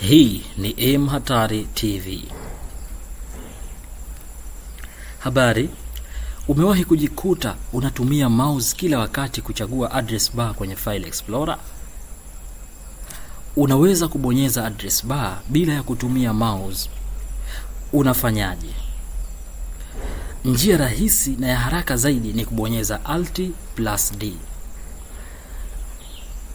Hii ni M Hatari TV. Habari. Umewahi kujikuta unatumia mouse kila wakati kuchagua address bar kwenye File Explorer? Unaweza kubonyeza address bar bila ya kutumia mouse. Unafanyaje? Njia rahisi na ya haraka zaidi ni kubonyeza Alt plus D.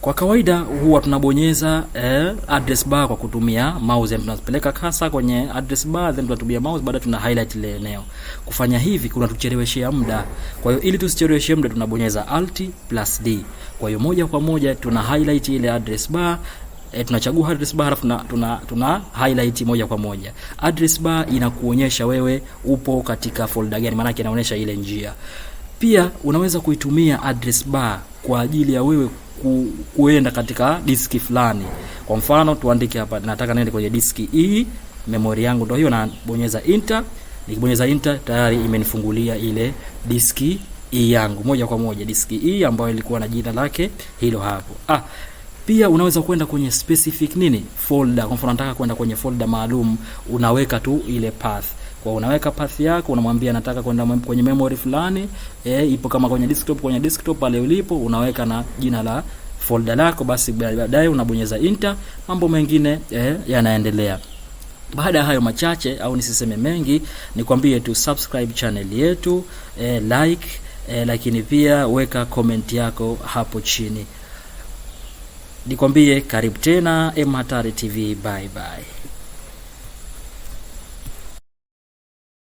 Kwa kawaida huwa tunabonyeza eh, address bar kwa kutumia mouse, yani tunapeleka kasa kwenye address bar then tunatumia mouse, baada tuna highlight ile eneo. Kufanya hivi kuna kunatucheleweshea muda, kwa hiyo ili tusicheleweshie muda tunabonyeza alt plus d. Kwa hiyo moja kwa moja tuna highlight ile address bar E, tunachagua address bar halafu tuna, tuna, tuna highlight moja kwa moja. Address bar inakuonyesha wewe upo katika folder gani, maana yake inaonyesha ile njia. Pia unaweza kuitumia address bar kwa ajili ya wewe ku, kuenda katika diski fulani. Kwa mfano tuandike hapa, nataka niende kwenye diski hii, e, memory yangu ndio hiyo, na bonyeza enter. Nikibonyeza enter tayari imenifungulia ile diski hii e yangu moja kwa moja, diski hii e ambayo ilikuwa na jina lake hilo hapo. Ah, pia unaweza kwenda kwenye specific nini folder. Kwa mfano nataka kwenda kwenye folder maalum, unaweka tu ile path kwa unaweka path yako, unamwambia nataka kwenda kwenye memory fulani, e, ipo kama kwenye desktop, kwenye desktop pale ulipo unaweka na jina la folder lako, basi baadaye unabonyeza enter, mambo mengine e, yanaendelea. Baada ya hayo machache au nisiseme mengi, nikwambie tu subscribe channel yetu e, like e, lakini pia weka comment yako hapo chini. Nikwambie karibu tena M TV, bye bye.